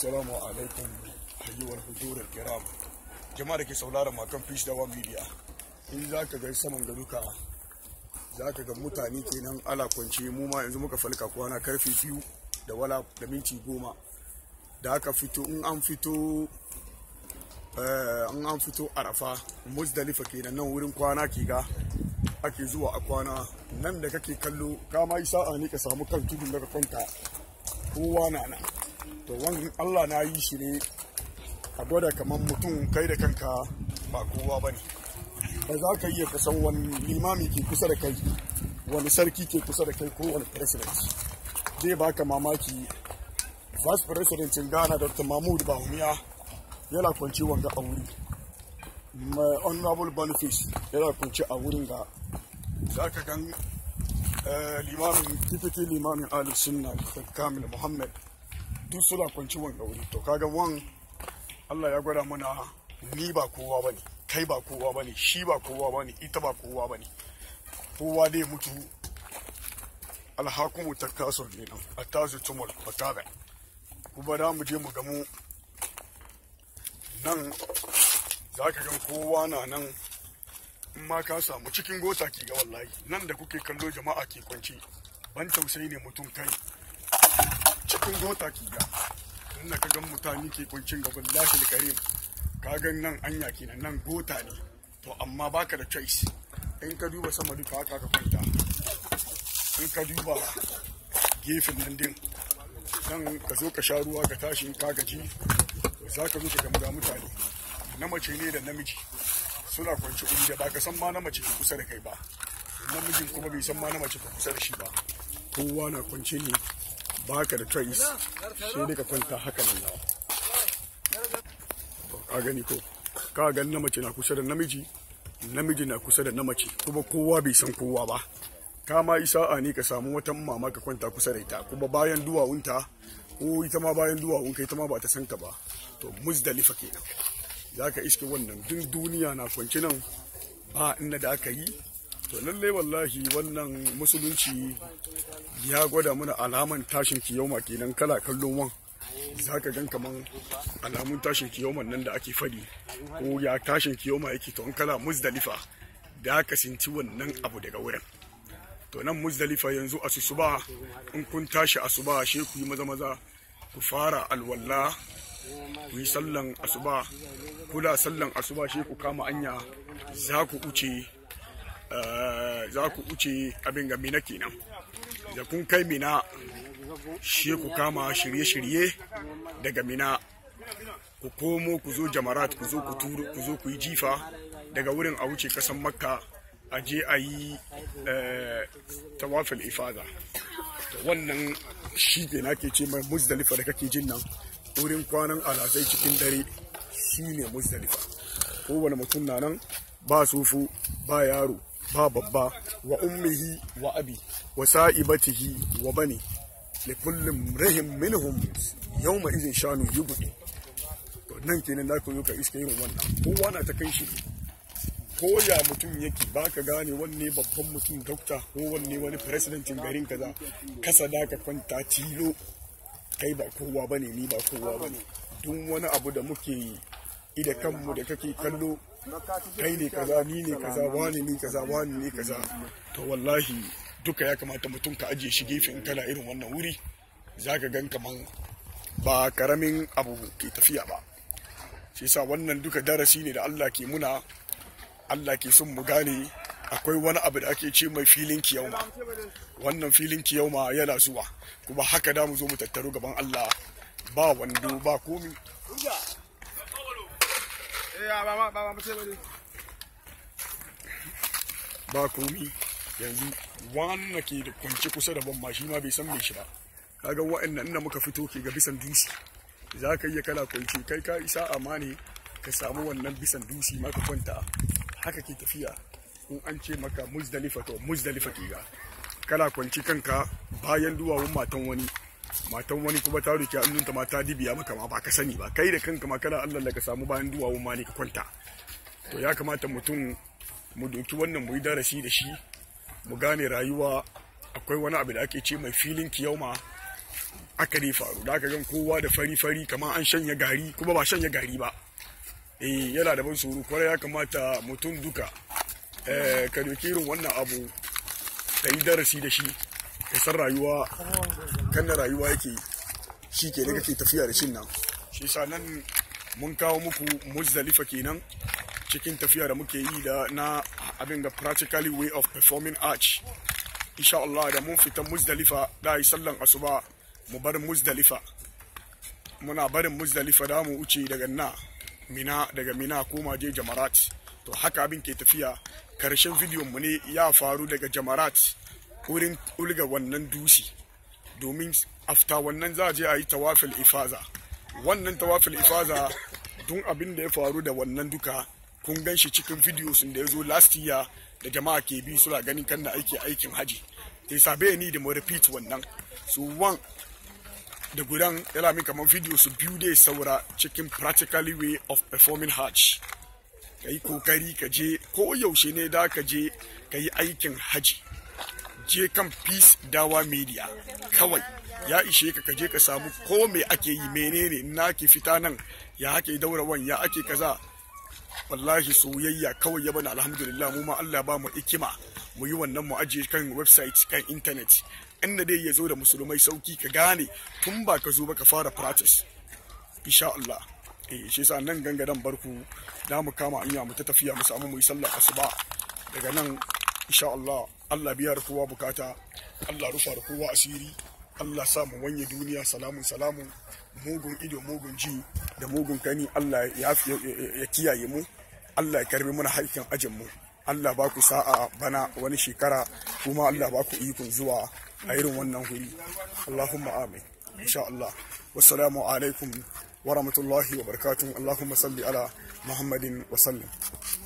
Assalamu alaikum ayyuwar hudurar kiram jama'a da ke sauraron makon fish dawa media in za ka ga saman garuka za ka ga mutane kenan ala kwance mu ma yanzu muka falka kwana karfe biyu da wala da minti goma da aka fito in an fito eh, in an fito arafa muzdalifa kenan nan wurin kwana ke ga ake zuwa a kwana nan da kake kallo kama yi sa'a ne ka samu kan tudun daga kwanta kowa na nan to wani allah na yi shi ne a gwada kamar mutum kai da kanka ba kowa ba ne ba za ka iya kasan wani limami ke kusa da kai wani sarki ke kusa da kai ko wani president zai ka mamaki vice president in ghana dr mahmud bahumiya yana kwanci wanga a wuri mai honorable boniface yana kwanci a wurin ga za ka gan eh, limamin tifitin limamin ali sunna kamil muhammad duk suna kwanci wan wuri to kaga wan Allah ya gwada mana ni ba kowa ne kai ba kowa ne shi ba kowa ne ita ba kowa ne kowa dai mutu alhakumu takasun ne nan atazu tumul fatabe kuma da mu je mu gamu nan za ka gan kowa na nan in ma ka samu cikin gota ke ga wallahi nan da kuke kallo jama'a ke kwanci ban tausayi ne mutum kai cikin gota ki ga inda ka gan mutane ke kuncin gaban wallahi karim ka gan nan anya kenan nan gota ne to amma baka da choice in ka duba sama duka haka ka kwanta in ka duba gefen nan din nan ka zo ka sha ruwa ka tashi ka gaji za ka zo ka gamga mutane na mace ne da namiji suna kwanci inda ba ka san ma na mace ke kusa da kai ba namijin kuma bai san ma na mace kusa da shi ba kowa na kwanci ne baka da trace shi ne ka kwanta haka nan nawa ka gani ko ka gani na mace na kusa da namiji namiji na kusa da na mace kuma kowa bai san kowa ba ka ma a ne ka samu wata mama ka kwanta kusa da ita kuma bayan duwawunta ko ita ma bayan duwawunka ita ma ba ta san ka ba to muzdalifa kenan za ka iske wannan duk duniya na kwanci nan ba inda da aka yi to lallai wallahi wannan musulunci ya gwada mana alaman tashin kiyoma kenan kala kallon wan za ka gan kaman alamun tashin kiyoman nan da ake fadi ko ya tashin kiyoma yake to kala muzdalifa da ka sinci wannan abu daga wurin to nan muzdalifa yanzu asusuba in kun tashi asuba she ku yi maza maza ku fara alwalla ku yi sallan asuba kula sallan asuba she ku kama anya za ku uce eh, za ku uce abin gami na kenan da kun kai mina shi ku kama shirye-shirye daga mina ku komo ku zo jamarat ku zo ku turu ku zo ku yi jifa daga wurin a wuce kasan makka a je a yi eh, tawafin ifada wannan shi ke na ke ce mai muzdalifa da kake jin nan wurin kwanan alazai cikin dare shi ne muzdalifa kowane mutum na nan ba sufu ba yaro ba babba wa ummihi wa abi wa sa'ibatihi wa bani li kullum rahim minhum yawma idin shanu yubdi to nan kenan da ku yuka iska irin wannan kowa na ta kai shi ko ya mutum yake ba ka gane wanne babban mutum dokta ko wanne wani presidentin garin kaza kasa da ka kwanta tilo kai ba kowa bane ni ba kowa bane duk wani abu da muke yi ida kanmu da kake kallo kai ne kaza ni ne kaza wani ne kaza wani ne kaza to wallahi duka ya kamata mutum ka ajiye shi gefe in kana irin wannan wuri zaka gan kaman ba karamin abu ke tafiya ba shi yasa wannan duka darasi ne da Allah ke muna Allah ke son mu gane akwai wani abu da ake ce mai filin kiyauma wannan filin kiyauma yana zuwa kuma haka da mu zo mu tattaru gaban Allah ba wando ba komi Eh, ah, ba komi yanzu wani ke da kwanci kusa da bamba shi ma bai san mai shi ba kaga wa'annan inda muka fito ke ga bisan dusi za ka iya kala kwanci kai ka isa amane ka samu wannan bisan dusi maka kwanta haka ke tafiya in an ce maka muzdalifa to muzdalifa ke ga kala kwanci kanka bayan duwawun matan wani matan wani kuma ta roki hannunta ta mata dibiya maka ma ba ka sani ba kai da kanka ma kana Allah ka samu bayan duwawo ma ne ka kwanta to ya kamata mutum mu doki wannan mu yi darasi da shi mu gane rayuwa akwai wani abu da ake ce mai filin kiyauma aka ne faru da aka gan kowa da fari fari kamar an shanya gari kuma ba shanya gari ba eh yana da ban tsoro kwarai ya kamata mutum duka eh, ka doki irin wannan abu ka yi darasi da shi san rayuwa kan na rayuwa yake shi ke kake tafiya da shin nan shi sa nan mun kawo muku muzdalifa kenan cikin tafiya da muke yi da na abin da practically way of performing arch insha Allah da mun fita muzdalifa da yi sallan asuba mu bar muzdalifa muna barin muzdalifa da mu wuce daga na mina daga mina koma je jamarat to haka abin ke tafiya karshen bidiyon mu ne ya faru daga jamarat wurin ulga wannan dushi domin afta wannan za a je a yi tawafil ifaza wannan tawafil ifaza tun abin da ya faru da wannan duka kun gan shi cikin sun da ya zo last year da jama'a ke bi suna ganin kan da aiki aikin haji ta yi sabe ni da mu repeat wannan so one da gudan ya min kamar su biyu da saura cikin practical way of performing hajj ka yi kokari ka je ko yaushe ne da ka je ka yi aikin haji je kan peace dawa media kawai ya ishe ka kaje ka samu ko me ake yi menene na ke fita nan ya ake daurawan ya ake kaza wallahi soyayya kawai ya bana alhamdulillah mu ma Allah ba mu ikima mu yi wannan mu ajiye kan website kan internet inda dai ya zo da musulmai sauki ka gane tun ba ka zo ba ka fara practice insha Allah eh shi sa nan gangadan barku da mu kama anya mu ta tafiya mu samu mu yi sallah asuba daga nan insha Allah Allah biyar kowa bukata Allah rufa da kowa asiri Allah sa mu wanye duniya salamun salamun mugun ido mugun ji da mugun kani Allah ya kiyaye mu Allah ya karbi mana haƙƙin ajin mu Allah ba ku sa'a bana wani shekara kuma Allah ba ku ikon zuwa a irin wannan huri Allahumma amin insha Allah wassalamu alaikum wa rahmatullahi wa barakatuh Allahumma salli ala Muhammadin wa sallim